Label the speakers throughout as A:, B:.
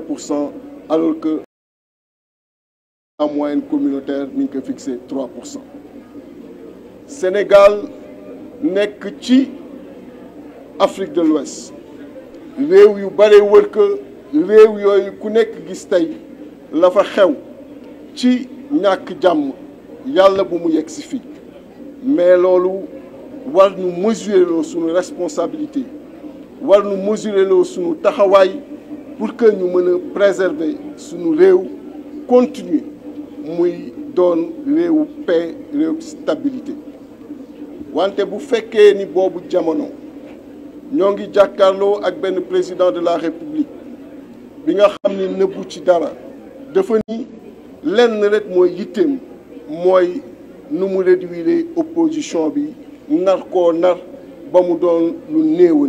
A: pour cent alors que la moyenne communautaire mi ko fixé trois pour cent Sénégal nekk ci Afrique de l'Ouest réew yu bare wër que réew yooyu ku nekk gis tey la fa xew ci ñàkk jàmm yàlla bu mu yegg si fii mais loolu war nu mesurer loo sunu responsabilité war nu mesurer loo sunu taxawaay pour que ñu mën a préserver suñu réew continuer muy doon réewu paix réew stabilité wante bu fekkee ni boobu jamono ñoo ngi jàkkaarloo ak benn président de la république bi nga xam ni nëbbu ci dara dafa ni lenn rek mooy yitteem mooy nu mu réduire opposition bi nar koo nar ba mu doon lu néew a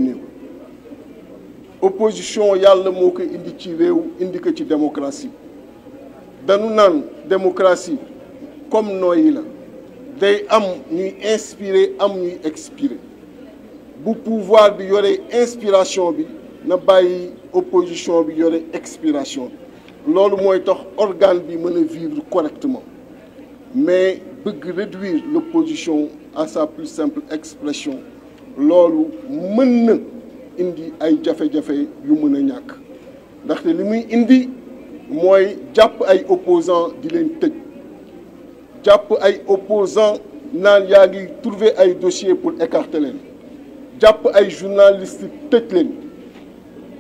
A: opposition yàlla moo ko indi ci réew indi ko ci démocratie dañu naan démocratie comme nooyi la day am ñuy inspiré am ñuy expiré bu pouvoir bi yore inspiration bi na bàyyi opposition bi yore expiration bi loolu mooy tox organe bi mën a vivre correctement mais bëgg réduire l'opposition à sa plus simple expression loolu mën na indi ay jafe-jafe yu mën a ñàkk ndaxte li muy indi mooy jàpp ay opposants di leen tëj jàpp ay opposants naan yaa ngi trouver ay dossiers pour écarter leen jàpp ay journalistes tëj leen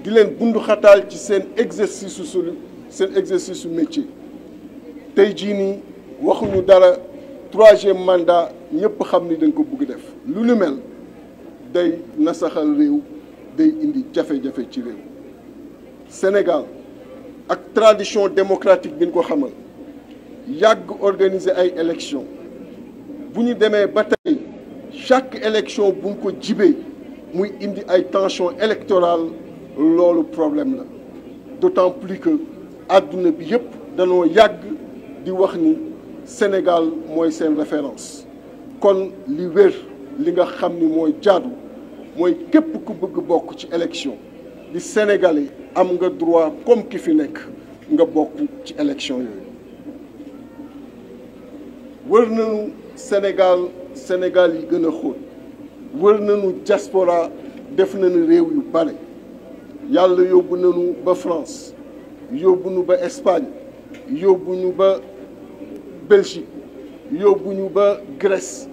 A: di leen bunduxataal ci seen exercice su seen exercice su métier tey jii nii waxuñu dara troisième mandat ñëpp xam ni dañ ko bugg def lu lu mel day nasaxal réew. day indi jafe-jafe ci réew Sénégal ak tradition démocratique bi ñu ko xamal yàgg organiser ay élections bu ñu demee ba chaque élection bu ñu ko jibee muy indi ay tension électorale loolu problème la d'autant plus que àdduna bi yépp danoo yàgg di wax ni Sénégal mooy seen référence kon li wér li nga xam ni mooy jaadu mooy képp ku bëgg bokk ci élection di Sénégalais am nga droit comme ki fi nekk nga bokk ci élection yooyu wër nañu Sénégal Sénégal yi gën a xóot wër nañu diaspora def nañu réew yu bare yàlla yóbbu nañu ba France yóbbu nu ba Espagne yóbbu ñu ba Belgique yóbbu ñu ba Grèce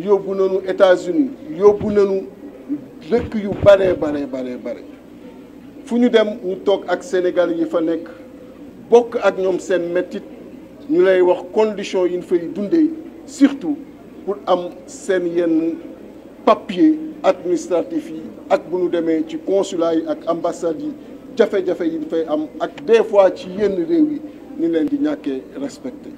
A: yóbbu nañu États-Unis yóbbu nañu dëkk yu bare bare bare bare fu ñu dem mu toog ak Sénégal yi fa nekk bokk ak ñoom seen mettit ñu lay wax condition yi ñu fay dundee surtout pour am seen yenn papier administratif yi ak bu ñu demee ci consulat yi ak ambassade yi jafe-jafe yi ñu fay am ak des fois ci yenn réew yi ñu leen di ñàkkee respecté